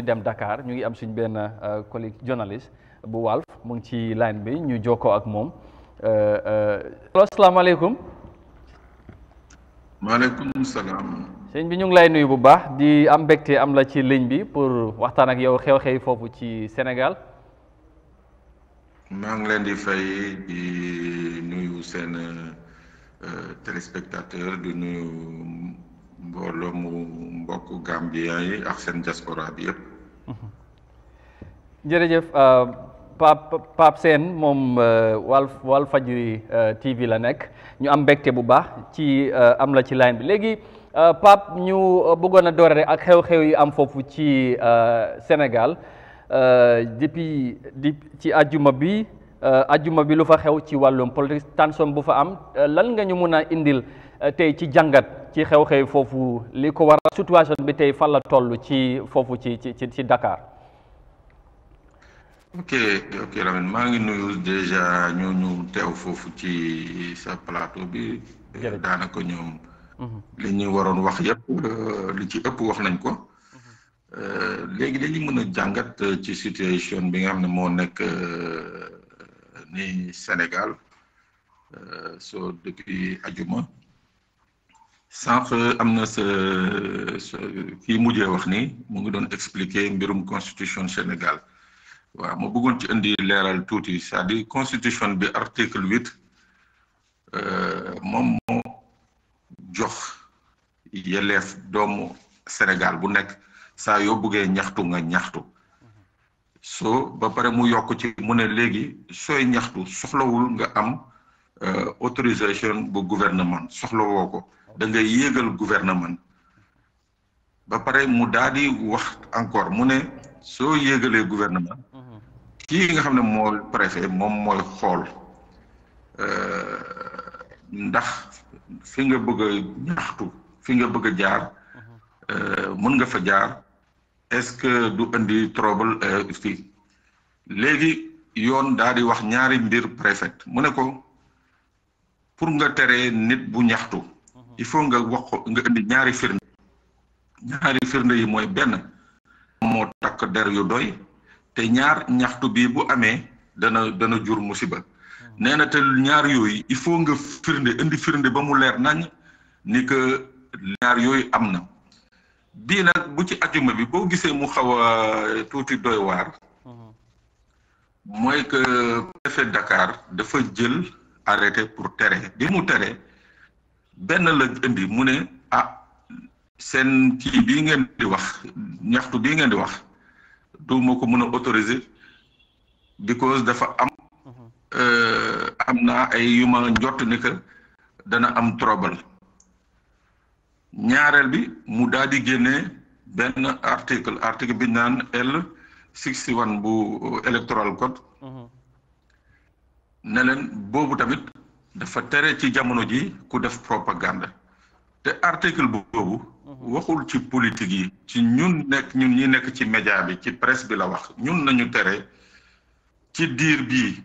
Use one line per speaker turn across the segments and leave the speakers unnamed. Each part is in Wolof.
ñu dem Dakar ñu ngi am suñ benn collègue journaliste bu Walf mu ngi ci line bi ñu jokkoo ak moom allo asalaamaaleykum
maaleykum salaam
sëñ bi ñu ngi lay nuyu bu baax di am mbégte am la ci ligne bi pour waxtaan ak yow xew-xew ci
ngi di fay di nuyu Sena téléspectateur di nuyu mbooloo mu mbokku Gambien yi ak seen diaspora bi yëpp.
jërëjëf euh, Pape Pape moom euh, Walf Walfadjri euh, TV la nekk ñu am mbégte bu baax ci am la ci line bi léegi Pape ñu bëggoon a doore ak xew-xew yi am foofu ci senegal depuis di ci àjjuma bi. ajuma bi lu fa xew ci wàllum politique tension bu fa am lan nga ñu mën a indil tey ci jàngat ci xew-xew foofu li ko waral situation bi tey fan la toll ci foofu ci ci ci Dakar.
ok ok Lamine maa ngi nuyu déjà ñooñu teew foofu ci sa plateau bi. daanaka ñoom. Mhm. li ñuy waroon wax yëpp euh, li ci ëpp wax nañ ko. Mhm. Euh, léegi dañu mën a jàngat euh, ci situation bi nga xam ne moo nekk ni Sénégal soo depuis ajuma. sànq am na sa kii mujjee wax ni mu ngi doon expliquer mbirum constitution Sénégal wa mo bëggoon ci indi leeral tuuti c'est-à-dire constitution bi article 8 euh mom mo jox yelef doomu Sénégal bu nek saa yo bëggee ñaxtu nga ñaxtu so ba paré mu yok ci mu ne léegi sooy ñaxtu soxlawul nga am. Euh, autorisation bu gouvernement soxla woo ko da ngay yéegal gouvernement ba pare mu daal di wax encore mu ne soo yéegalee gouvernement kii nga xam ne mooy préfet moom mooy xool euh, ndax fi nga bëgg a ñaxtu fi nga bëgg a jaar euh, mën nga fa jaar est-ce que du indi trouble fii léegi yoon daal di wax ñaari mbir préfet mu ne ko pour nga tere nit bu ñaxtu mhm. il faut nga wax nga indi ñaari firnde ñaari firnde yi mooy benn moo takk der yu doy te ñaar ñaxtu bii bu amee dana dana jur musiba mhm. nee na te ñaar yooyu il faut nga firnde indi firnde ba mu leer nañ ni que ñaar yooyu am na bii nag bu ci ajuma bi boo gisee mu xaw a tuuti doy waar mhm. mooy que préfet Dakar dafa jël arrêté pour tere di mu tere benn la indi mu ne ah seen kii bii ngeen di wax ñaxtu bii ngeen di wax du ma ko mën a autoriser because dafa am mhm. euh, am na ay yu ma njott ni dana am trouble ñaareel bi mu daal di génne benn article article bi naan L 61 bu électoral euh, code mhm. ne leen boobu tamit dafa tere ci jamono ji ku def propagande te article boobu waxul ci politique yi ci ñun nekk ñun ñi nekk ci média bi ci presse bi la wax ñun nañu tere ci diir bi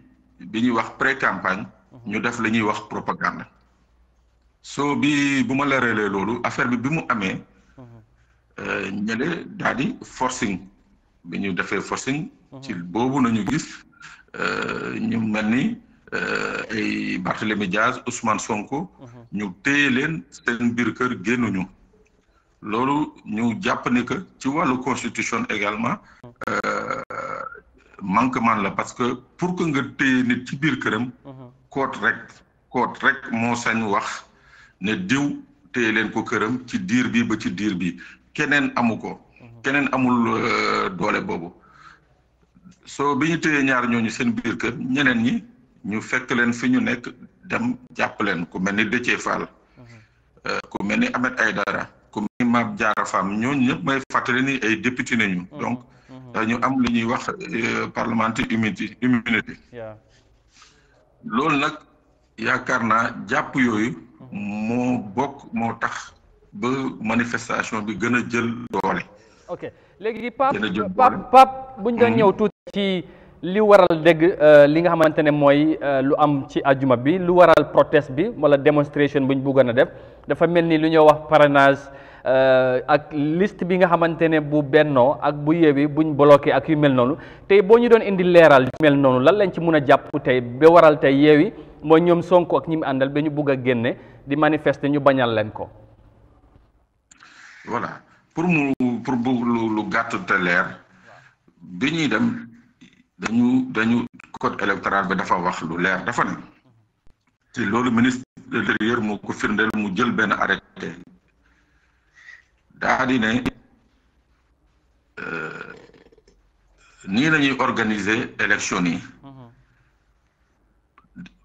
bi ñuy wax pré campagne ñu def la ñuy wax propagande soo bi bu ma leeralee loolu affaire bi bi mu amee euh, ñële daal di forcing bi ñu defee forcing ci boobu nañu gis euh, ñu mel ni Euh, ay jaas Diaz Ousmane Sonko. ñu téye leen seen biir kër génnuñu. loolu ñu jàpp ne que ci wàllu constitution également. Euh, manquement la parce que pour que nga téye nit ci biir këram. koot rek koot rek moo sañ wax ne diw téye leen ko këram ci diir bi ba ci diir bi keneen amu ko. keneen amul euh, doole boobu. soo bi ñu téye ñaar ñooñu seen biir kër ñeneen ñi. ñu fekk leen fi ñu nekk dem jàpp leen ku mel ni Déthié Fall euh, ku mel ni Ahmed Aïdara ku mel ni Mame Diarra Fam ñooñu ñëpp may fàttali ni ay député nañu donc ñu am li ñuy wax euh, parlementaire immunité immunité loolu nag yaakaar naa jàpp yooyu moo bokk moo tax ba manifestation bi gën a jël doole
léegi Pape Pape buñ doon ñëw tuuti li waral dégg euh, li nga xamante ne mooy euh, lu am ci ajuma bi lu waral protest bi wala démonstration bu ñu bëggoon a def dafa mel ni lu ñoo wax parrainage euh, ak liste bi nga xamante ne bu bennoo ak bu yeewi buñ bloqué ak yu mel noonu tey boo ñu doon indi leeral yu mel noonu lan lañ ci mun a jàpp tey ba waral tey yeewi mooy ñoom Sonko ak ñi àndal ba ñu bugg a génne di manifester ñu bañal leen ko.
voilà pour mu pour bu lu gàtt te leer bi ñuy dem. dañu dañu code électoral bi dafa wax lu leer dafa ne te loolu ministre de l'intérieur moo ko firndeel mu jël benn arrêté daa di euh, nii la ñuy organiser élection yi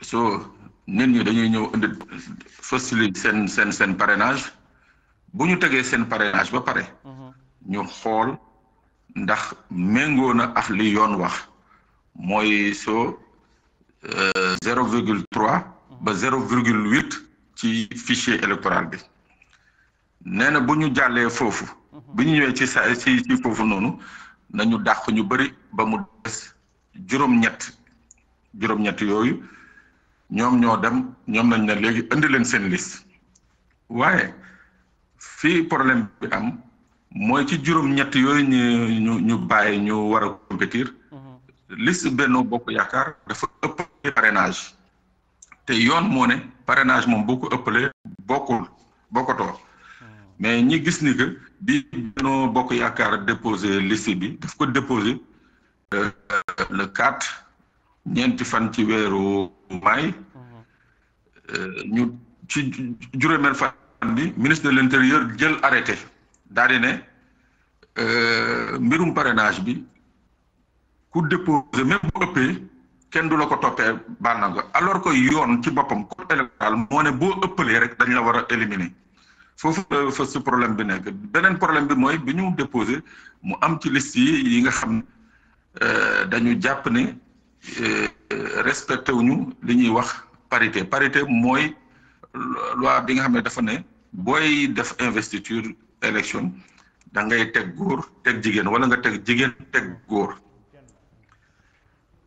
soo nit ñi dañuy ñëw indi faciliter seen seen seen parrainage bu ñu tegee seen parrainage ba pare mhm. ñu xool ndax méngoo na ak yoon wax mooy soo euh, zéro virgule trois ba zéro virgule huit ci fichier électoral bi nee na bu ñu jàllee foofu bu ñu ñëwee ci sa ci ci foofu noonu nañu dàq ñu bëri ba mu des juróom-ñett juróom-ñett yooyu ñoom ñoo dem ñoom nañ ne léegi indi leen seen liste waaye fii problème bi am mooy ci juróom-ñett yooyu ñu ñu ñu bàyyi ñu war a liste Benno Bokk Yaakaar dafa ëppale parrainage te yoon moo ne parrainage moom boo ko ëppalee bokkul mais ñi gis ni que bi Benno Bokk Yaakaar déposé liste bi daf ko déposé euh, le 4 ñeenti fan ci mai. may euh, ñu ci mel fan bi ministre de l'Intérieur gel jël arrêté daal di ne euh, mbirum parrainage bi ku déposer même bu ëppee kenn du la ko toppee bànna nga alors que yoon ci boppam code électoral moo ne boo ëppalee rek dañ la war a éliminer foofu fa su problème bi nekk beneen problème bi mooy bi ñu déposé mu am ci liste yi yi nga xam ne euh, dañu jàpp ne euh, respecté wuñu li ñuy wax parité parité mooy loi bi nga xam ne dafa ne booy def investiture élection da ngay teg góor teg jigéen wala nga teg jigéen teg góor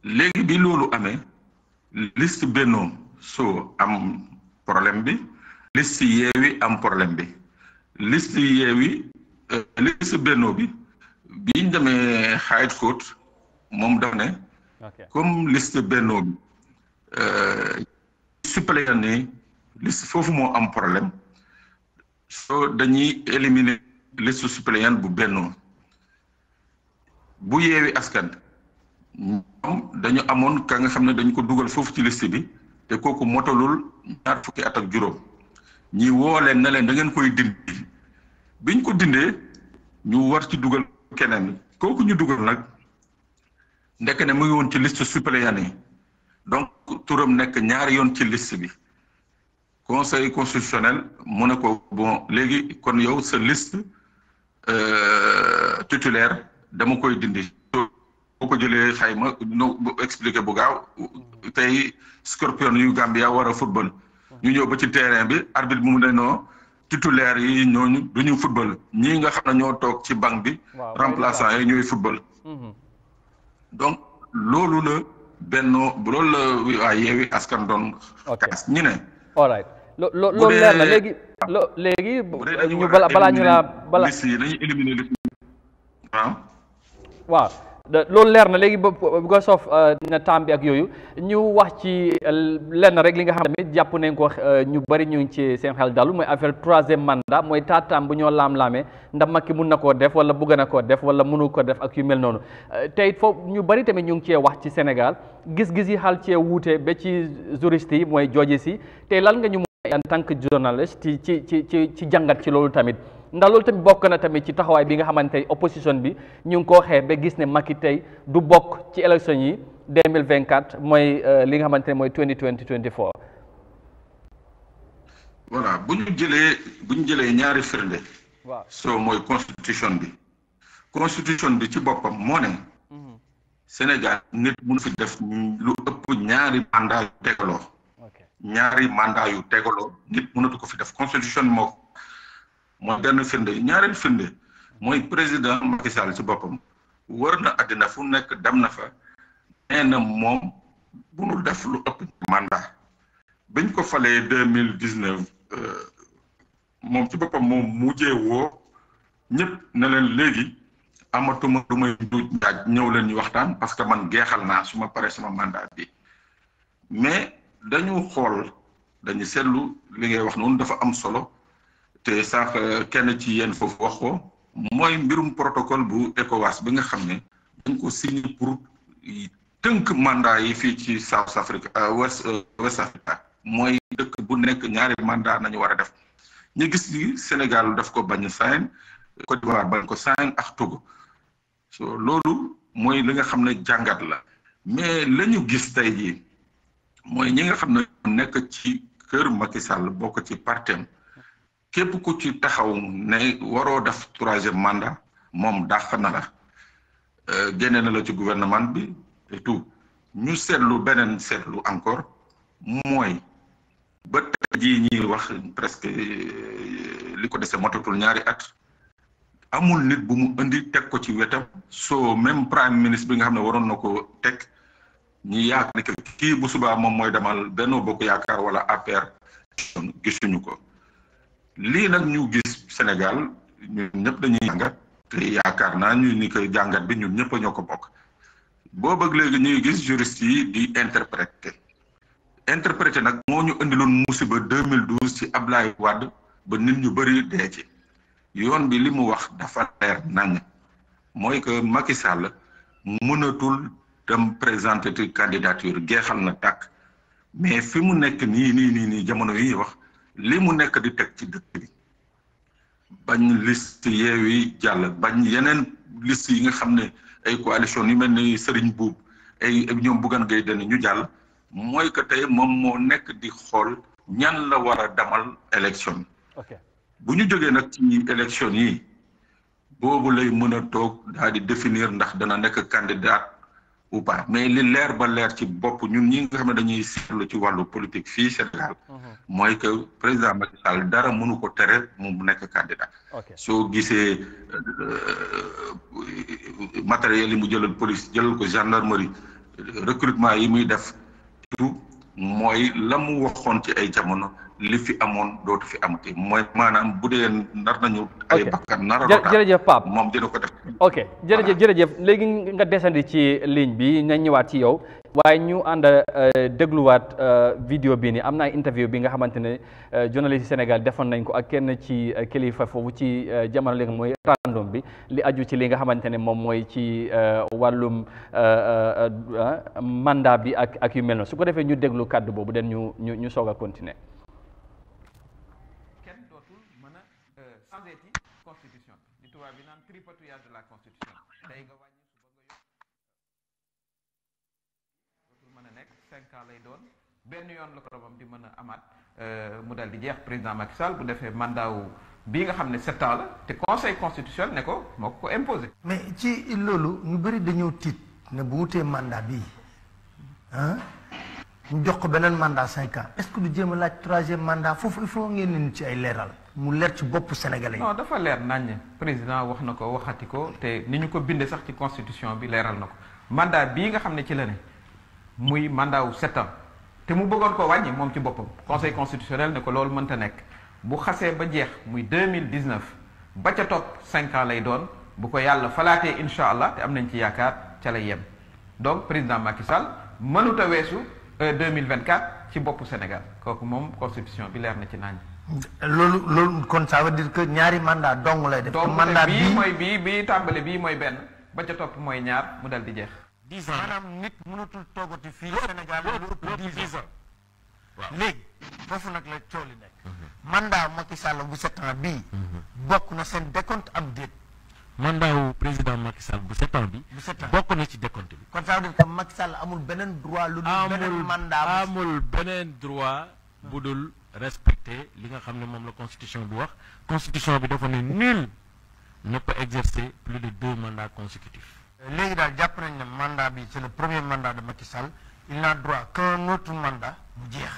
léegi bi loolu amé liste Benno so am problème bi liste Yewwi am problème bi liste Yewwi euh, liste Benno bi biñ demee High Court mom donné ne comme liste Benno bi suppléant euh, ni liste e fofu mo am problème so dañuy éliminer liste suppléant bu Benno bu Yewwi Askan moom dañu amoon ka nga xam ne dañ ko dugal foofu ci liste bi te kooku motalul ñaar fukki atak juróom ñi woo na leen da ngeen koy dindi biñ ko dindee ñu war ci dugal keneen kooku ñu dugal nag ndekk ne mu ngi woon ci liste suppléant yi donc turam nekk ñaari yoon ci liste bi conseil constitutionnel mu ne ko bon léegi kon yow sa liste euh, titulaire dama koy dindi boo ko jëlee xayma no expliqué bu gaaw tey scorpion yu Gambia war a football ñu ñëw ba ci terrain bi arbitre bi mu ne non titulaire yi ñooñu du ñu football ñii nga xam na ñoo toog ci banc bi remplaçant yi ñooy football mm-hmm. donc loolu la bennoo loolu la waa yeewi askan doon kaas ñi ne
loolu leer na léegi lo léegi ñu balaa ñu laa balaa
dañuy éliminer
waaw loolu leer na léegi ba ba soof euh, na temps bi ak yooyu ñu wax ci euh, lenn rek li nga xam tamit jàpp nañ ko euh, ñu bari ñu ngi ci seen xel dalu mooy affaire troisième mandat mooy taataam bu ñoo laam-laamee ndax Macky mun na koo def wala bëgg na koo def wala mënu ko def ak yu mel noonu tey foofu ñu bari tamit ñu ngi cee wax ci Sénégal gis-gis yi xal cee wuute ba ci juriste yi mooy jooji si tey lan nga ñu mooy en tant que journaliste ci ci ci ci jàngat ci loolu tamit ndax loolu tamit bokk na tamit ci taxawaay bi nga xamante ne opposition bi ñu ngi ko waxee ba gis ne Macky tey du bokk ci élection yi 2024 mooy euh, li nga xamante ne mooy 2020 2024.
voilà bu ñu jëlee bu ñu jëlee ñaari firnde. waaw soo mooy constitution bi. constitution bi ci boppam moo ne. Mhm. Sénégal nit mënu fi def lu ëpp ñaari mandat yu tegaloo. ñaari mandat yu tegaloo nit mënatu ko fi def constitution moo mooy benn firnde ñaareel firnde mooy président Macky Sall ci boppam war na àddina fu nekk dem na fa nee na bu bunul def lu ëpp mandat bañ ko falee deux mille dix neuf euh, moom ci boppam moom mujjee woo ñëpp ne leen léegi amatuma lu may njuuj njaaj ñëw leen ñu waxtaan parce que man geexal naa suma paree sama mandat bi mais dañu xool dañu seetlu li ngay wax noonu dafa am solo te sax eh, kenn ci yéen foofu wax ko mooy mbirum protocole bu ECOWAS bi nga xam ne dañ ko signé pour tënk mandat yi fii ci South Africa euh, West euh, West Africa mooy dëkk bu nekk ñaari mandat nañu war a def ñu gis ni Sénégal daf ko bañ sign Côte d'Ivoire bañ ko sign ak Togo so loolu mooy li nga xam ne jàngat la mais la ñu gis tey jii mooy ñi nga xam ne nekk ci kër Macky Sall bokk ci partem képp ku ci taxaw ne waroo def troisième mandat moom dàq na la euh, génne na la ci gouvernement bi et tout ñu seetlu beneen seetlu encore mooy ba tey jii ñuy wax presque euh, li ko dese motatul ñaari at amul nit bu mu indi teg ko ci wetam so même prime ministre bi nga xam ne waroon na ko teg ñu yaak ne kii bu subaa moom mooy demal benno bokk yaakaar wala APR gisuñu ko lii nag ñu gis Sénégal ñun ñëpp dañuy jàngat te yaakaar naa ñu ni koy jàngat bi ñun ñëpp ñoo ko bokk bëgg léegi ñuy gis juriste yi di interpréter interpréter nag moo ñu indiloon musiba 2012 ci Ablaye Wade ba nit ñu bëri dee ci yoon bi li wax dafa leer nañ mooy que Macky Sall mënatul dem présenter candidature na mais fi mu nekk jamono yi wax li mu nekk di teg ci dëkk bi bañ liste yeewi jàll bañ yeneen liste yi nga xam ne ay coalition yu mel ni Serigne Boub ay ñoom Bougane Gueye Dany ñu jàll mooy que tey moom moo nekk di xool ñan la war a damal élection bu ñu jógee nag ci ñi élection yi boobu lay mën a toog daal di définir ndax dana nekk candidat ou mais li leer ba leer ci bopp ñun ñi nga xam ne dañuy seetlu ci wàllu politique fii Sénégal mhm. mooy que président Macky Sall dara munu ko tere mu nekk candidat soo gisee euh, matériel yi mu jëlal police jëlal ko gendarmerie recrutement yi muy def tout mooy la mu waxoon ci ay jamono li fi amoon dootu fi amati mooy maanaam bu dee nar nañu. ay bakkan nar a jërëjëf Pape moom ko def.
ok jërëjëf jërëjëf léegi nga desandi ci ligne bi na ñëwaat ci yow. waaye ñu ànd euh, dégluwaat euh, vidéo bii nii am naa ay interview bi nga xamante ne euh, journaliste Sénégal defoon nañ ko ak kenn ci kilifa foofu ci jamono léegi mooy random bi li aju ci li nga xamante ne moom mooy ci wàllum ah, mandat bi ak ak yu mel noonu su ko defee ñu déglu kàddu boobu den ñu ñu ñu soog a continuer.
vierge de la constitution tey nga wàññi suba nga yokk dootul mën a ans lay doon benn yoon la ko koromam di mën a amaat euh, mu dal di jeex président Macky Sall bu defee mandat wu bii nga xam ne sept ans la te conseil constitutionnel ne ko moo ko imposé mais ci loolu ñu
bëri dañoo tiit ne bu wutee mandat bii ah ñu jox ko beneen mandat cinq ans est-ce que du jéem a laaj troisième mandat foofu il faut ngeen ci ay leeral mu leer ci
boppu sénégalais non dafa leer naññ président wax na ko waxati ko te ni ñu ko bindee sax ci constitution bi leeral na mandat bii nga xam ne ci mandat ans te mu bëggoon ko wàññi moom ci boppam conseil constitutionnel ne ko loolu mënta nekk bu xasee ba jeex muy top ba ca topp cinq ans lay doon bu ko allah te ci donc président Macky Sall mënut 2024. weesu euh, deux mille vingt quatre ci boppu Sénégal constitution bi leer na ci loolu loolu kon ça veut
dire que ñaari
mandat dong lay def. mandat bii mooy bii bii tàmbali bii mooy benn ba ca topp mooy ñaar mu dal di jeex.
dix ans maanaam nit mënatul toogati fii Sénégal lu ëpp dix ans.
waaw léegi foofu la coow li mandat Macky Sall bu sept ans bii. bokk na seen décompte am mandat président Macky Sall bu ans bi. na ci décompte bi. kon ça veut dire que Macky Sall amul benen droit. lu mandat amul benen droit bu respecter les nga de la constitution bi wax constitution bi dafa nul ne peut exercer plus de deux mandats consécutifs. léegi daal le le mandat bi c'est le premier mandat de Macky il n'a droit qu'un autre mandat mu jeex.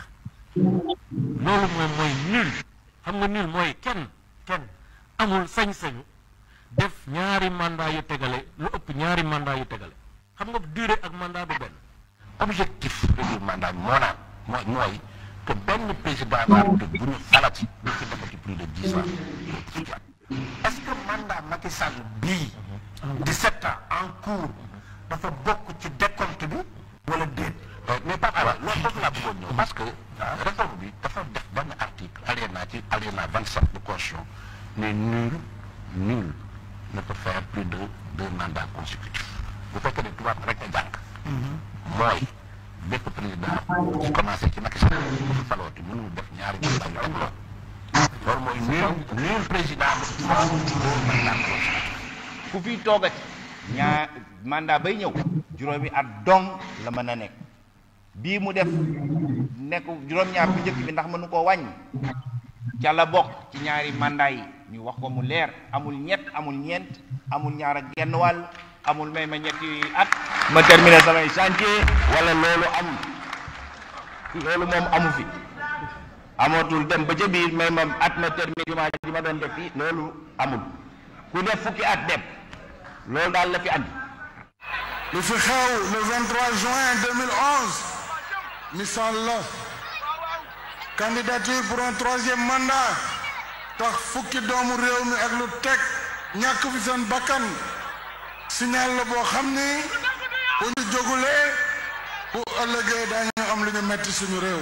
loolu moi, mooy nul xam nga nul mooy kenn kenn amul sañ-sañu def ñaari mandat yu tegale et l'opinion ñaari mandat yu tegale xam nga durée ak mandat de ben. objectif du mandat moo naan moi, moi, que le de est ce que mandat Macky Sall 17 ans en cours dafa beaucoup de décompte euh, mais pas parce que euh, réforme article ci un de caution, ne nul nul ne peut faire plus de deux mandats consécutifs Vous bépp président bu commencé ci Macky Sall bu fi falooti mënul def ñaari mandat yu am loolu mooy nul nul président bu mandat ku fiy toogati ñaa mandat bay ñëw juróomi at dong la mën a nekk mu def nekk juróom-ñaar bu bi ndax mënu la ci ñaari mandat yi ñu wax ko mu leer amul amul amul genn amul may ma at ma terminer samay chantier wala loolu amul loolu moom amu fi amatul dem ba ca biir mais moom at ma terminer jumaa ji ma doon def fii loolu amul ku def fukki at dem loolu daal la fi andi.
lu fi xew le 23 juin 2011 misaal la candidature pour un troisième mandat tax fukki doomu réew mi ak lu teg ñàkk fi seen bakkan signal la boo xam ni. bu ñu jógulee bu ëllëgee daañu am lu ñu metti suñu
réew.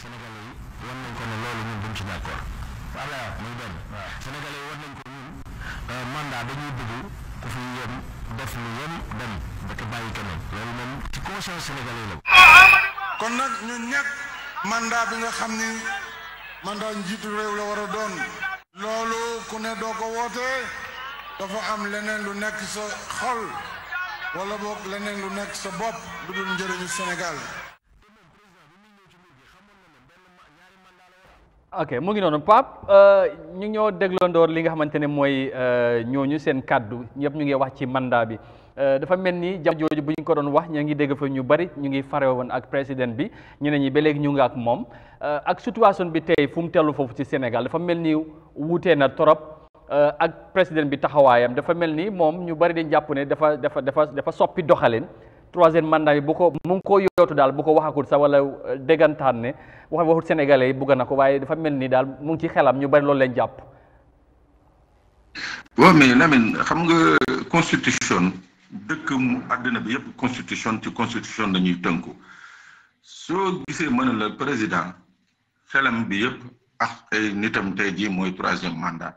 Sénégalais yi war nañ ko ne loolu ñun ci d'accord. voilà muy benn. Sénégalais yi war ko ñun euh, mandat dañuy bëgg ku fi yem def lu yem dem ba te bàyyi keneen loolu moom ci bi
nga xam ni mandat njiitu réew la war a doon. loolu ku ne doo ko wootee. dafa am leneen lu nekk sa xol wala boog leneen lu nekk sa bopp lu dul njëriñu
Sénégal. ok mu ngi noonu Pape euh, ñu ñoo dégloondoor li nga xamante ne mooy euh, ñooñu seen kàddu yëpp ñu ngi wax ci mandat bi euh, dafa mel ni jamono jooju bu ñu ko doon wax ñu ngi dégg fa ñu bari ñu ngi fare ak président bi ñeneen ñi ba léegi ñu ngi ak moom ak situation bi tey fu mu tellu foofu ci Sénégal dafa mel ni wuutee na trop. Euh, ak président bi taxawaayam dafa mel ni moom ñu bari dañ jàpp ne dafa dafa dafa dafa soppi doxalin troisième mandat bi bu ko mu ngi koo yootu daal bu ko waxakul sax wala euh, déggantaan ne wax waxut sénégalais yi bugg na ko waaye dafa mel nii daal mu ngi ci xelam ñu bari loolu leen jàpp.
waaw mais Lamine xam nga constitution dëkk mu àddina bi yëpp constitution ci constitution dañuy tënku soo gisee mën na la président xelam bi yëpp ak ay nitam tey jii mooy troisième mandat.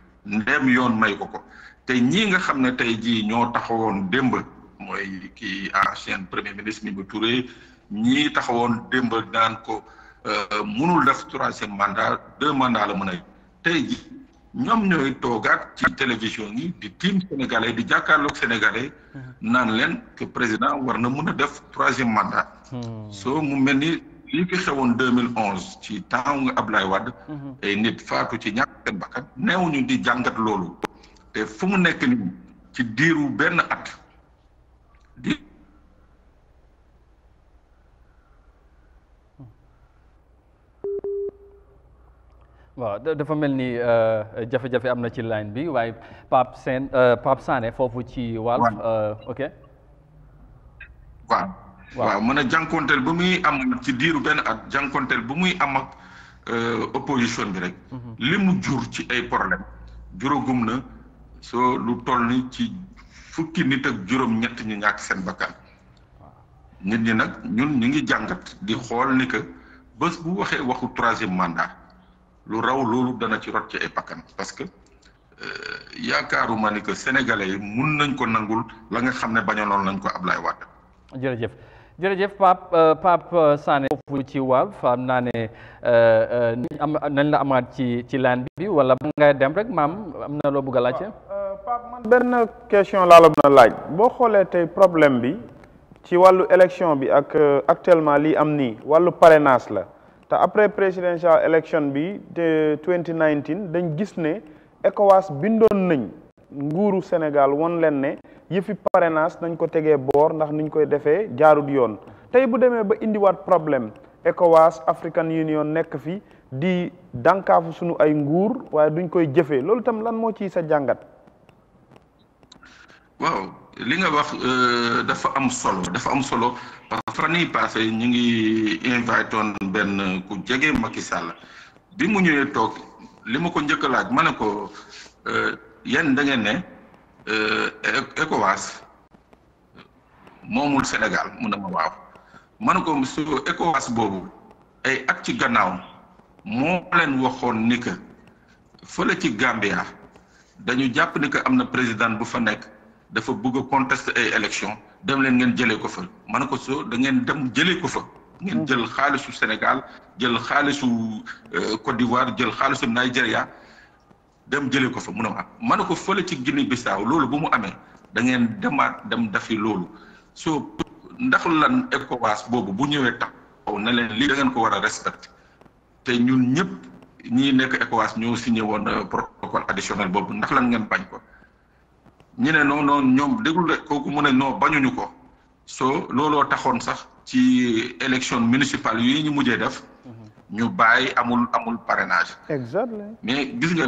ndeem yoon may ko ko te ñii nga xam ne tey jii ñoo taxawoon démb mooy kii ancien premier ministre Mimi Touré ñi taxawoon démb naan ko euh, mënul def troisième mandat deux mandats la mu a tey jii ñoom ñooy toogaat ci télévision yi di tiim sénégalais di jàkkaarloog sénégalais naan leen que président war na mën a def troisième mandat. Hmm. soo mu mel ni li fi xewoon deux ci temps nga lay Wade mhm. ay nit faatu ci ñàkk seen bakkan neewuñu di jàngat loolu te fu mu nekk nii ci diiru
benn at di waaw dafa mel ni euh, jafe-jafe am na ci line bi waaye Pape Sène euh, Pape Sané foofu ci Walf euh, ok
waaw waaw mën a jànkonteel bu muy am ci diiru benn at jànkonteel muy am ak euh, opposition bi rek mhm. li mu jur ci ay problème juróogum na soo lu toll ni ci fukki nit ak juróom ñett ñu ñàkk seen bakkan nit ñi nag ñun ñu ngi jàngat di xool ni que bés bu waxee waxu troisième mandat lu raw loolu dana ci rot ci ay bakkan parce que euh, yaakaaruma ni que sénégalais yi mun nañ ko nangul la nga xam ne nañ ko ablaye
jërëjëf jërëjëf Pape euh, Pape Sané foofu ci wàll xam naa ne euh, euh, am nañ la amaat ci ci laan bi wala ba nga dem rek maam am na loo bëgg a laajte. Pape benn question laa la
mën laaj boo xoolee tey problème bi ci wàllu élection bi ak actuellement lii am nii wàllu parrainage la te après présidential élection bi de 2019 dañ gis ne ECOWAS bindoon nañ nguuru Sénégal won leen ne. yëfi parrainage nañ ko tegee boor ndax niñ koy defee jaarut yoon tey bu demee ba problème ECOWAS African Union nekk fi di dànkaafu sunu ay nguur waaye duñ koy jëfee loolu tam lan moo ci sa jàngat
waaw li nga wax euh, dafa am solo dafa am solo parce que fan yii passé ñu ngi invité woon ben ku jege Macky Sall bi mu ñëwee toog li ma ko laaj euh, yan da ngeen ne Euh, e-, ECOWAS moomul Sénégal mu ne ma waaw man ko su ECOWAS boobu ay at ci gannaaw moo leen waxoon ni que fële ci Gambia dañu jàpp ni que am na président bu fa nekk dafa bëgg a contester ay élection dem leen ngeen jëlee ko fa man ko soo da ngeen dem jëlee ko fa. ngeen mm-hmm. jël xaalisu Sénégal jël xaalisu euh, Côte d'Ivoire jël xaalisu Nigeria. dem jëlee ko fa mu ne ma ma ne ko fële ci Guinée Bissau loolu bu mu amee da ngeen demaat dem dafi loolu so ndax lan ECOWAS boobu bu ñëwee taxaw ne leen lii da ngeen ko war a respecté te ñun ñëpp ñi nekk ECOWAS ñoo signé woon euh, protocole additionnel boobu ndax lan ngeen bañ ko ñu ne non non ñoom déglu de kooku mu ne non bañuñu ko so looloo taxoon sax ci election municipale yi ñu mujjee def mhm. ñu bàyyi amul amul parrainage. exactly, mais gis nga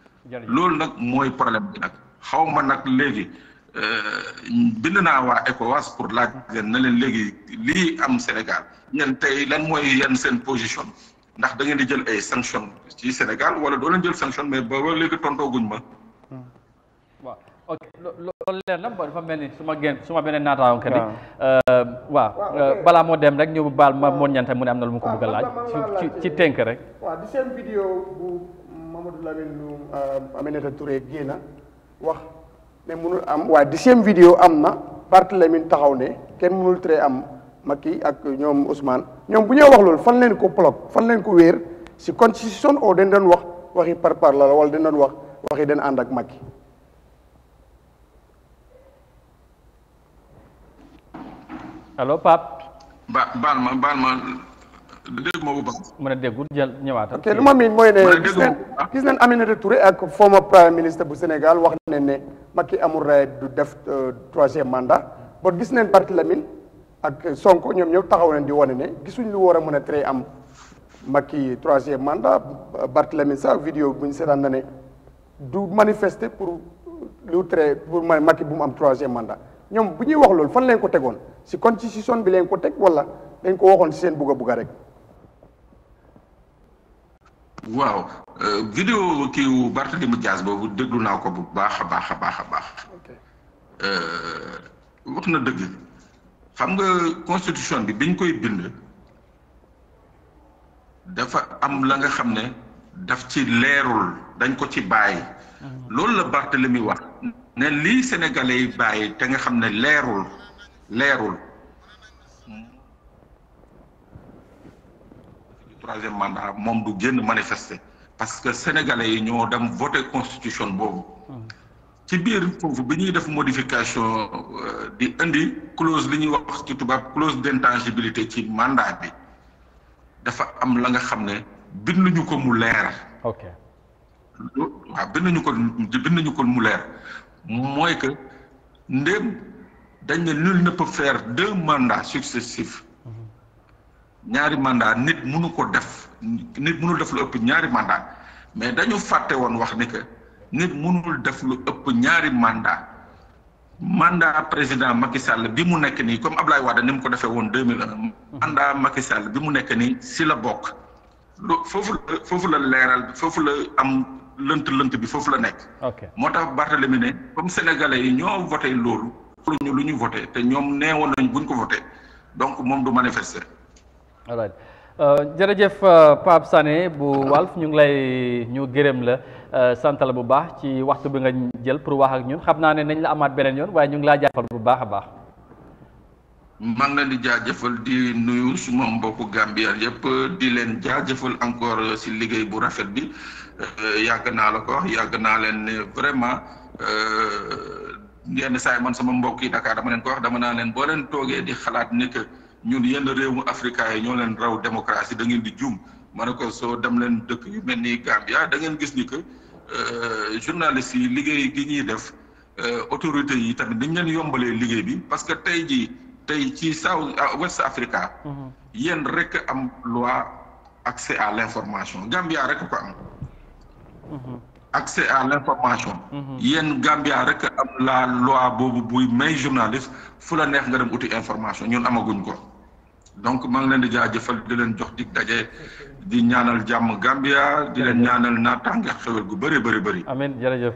loolu nag mooy problème bi nag xaw ma nag léegi euh, bind naa waa ECOWAS pour laaj leen na leen léegi lii am Sénégal yéen tey lan mooy yan seen position ndax da ngeen di jël ay sanction ci Sénégal wala doo leen jël sanction mais ba ba léegi tontooguñ ma.
Hmm. waaw ok loolu leer na ba dafa mel ni su ma génn suma ma beneen naataango kër waaw euh, euh, balaa moo dem rek ñu baal ma moo ñante mu ne am na lu mu ko bëgg ah, laaj. ci ci tënk rek.
Mamadou Lamine nu euh, Aminata Touré génna wax ne mënul am waaye dixième vidéo am na Barthélémy taxaw ne kenn mënul tere am Macky ak ñoom Ousmane ñoom bu ñoo wax loolu fan leen ko plog fan leen ko wéer si constitution o den doon wax waxi par par la wala den doon wax waxi den ànd ak Macky
allo Pape. baal ma baal ma dégg ma bu baax. mën a déggul jël ñëwaatal. ok lu ma miin mooy ne gis nañ
gis nañ Aminata Touré ak
former prime ministre bu Sénégal wax ne ne Macky amul raay du def euh, troisième mandat bon gis nañ Barthélémy ak Sonko ñoom ñëw taxaw nañ di wane ne gisuñ lu war a mën a tere am
Macky troisième mandat Barthélémy sax vidéo bu ñu seetaan na ne
du manifester pour lu tere pour Macky bu mu am troisième mandat ñoom bu ñuy wax loolu fan lañ ko tegoon si constitution bi lañ ko teg wala dañ ko waxoon si seen bugg a bugg rek.
waaw euh, vidéo kiiwu wu Barthélémy Dias boobu déglu naa ko bu baax a baax a baax a baax euh, wax na dëgg xam nga constitution bi biñ koy bind dafa am la nga xam ne daf ci leerul dañ ko ci bàyyi mhm. loolu la Barthélémy wax ne lii sénégalais yi bàyyi te nga xam ne leerul leerul troisième mandat moom du génn manifester parce que sénégalais yi ñoo dem voté constitution boobu. ci biir foofu bi ñuy def modification euh, di indi clause li ñuy wax ci tubaab clause d'intangibilité ci mandat bi dafa am la nga xam ne binduñu ko mu leer. ok waaw binduñu ko binduñu ko mu leer mooy que ndéem dañ ne nul ne peut faire deux mandats successifs. ñaari mandat nit mënu ko def nit mënul def lu ëpp ñaari mandat mais dañu fàtte woon wax ni que nit munul def lu ëpp ñaari mandat mandat président Macky Sall bi mu nekk nii comme Ablaye Wade ni mu ko defee woon 2001. mandat Macky Sall bi mu nekk nii si la bokk. lu foofu la foofu la leeral foofu la am lënt-lënt bi foofu la nekk. ok moo tax Barthélemy ne comme sénégalais yi ñoo voté loolu. lu ñu lu ñu voté te ñoom nee woon nañ buñ ko voté donc moom du manifester.
alright uh, jërëjëf uh, Pape Sané bu Walf ñu ngi ñu gërëm la uh, santal bu baax ci waxtu bi nga jël pour wax ak ñun xam naa nañ la amaat yoon ñu ngi bu baax baax.
ngi di jaajëfal di nuyu suma mbokku di leen jaajëfal encore si liggéey bu rafet bi yàgg naa la ko wax yàgg leen vraiment. man sama mbokk yi Dakar dama leen ko wax dama leen leen di xalaat que. ñun yenn réewum africa yi ñoo leen raw démocratie da ngeen di juum ma ne ko soo dem leen dëkk yu mel ni Gambia da ngeen gis ni que euh, journalistes yi liggéey gi ñuy def euh, autorités yi tamit dañ leen yombalee liggéey bi parce que tey jii tey ci South euh, West Africa. Mhm. yéen rek am loi accès à l'information Gambia rek ko am. Mhm. accès à l'information.
Mhm.
la loi boobu buy may journaliste fu la neex nga dem uti information ñun amaguñ ko. donc maa ngi leen di jaajëfal di leen jox dig
daje di ñaanal jàmm Gambia di leen ñaanal naataange xewel gu bëri bëri bëri. amiin jërëjëf.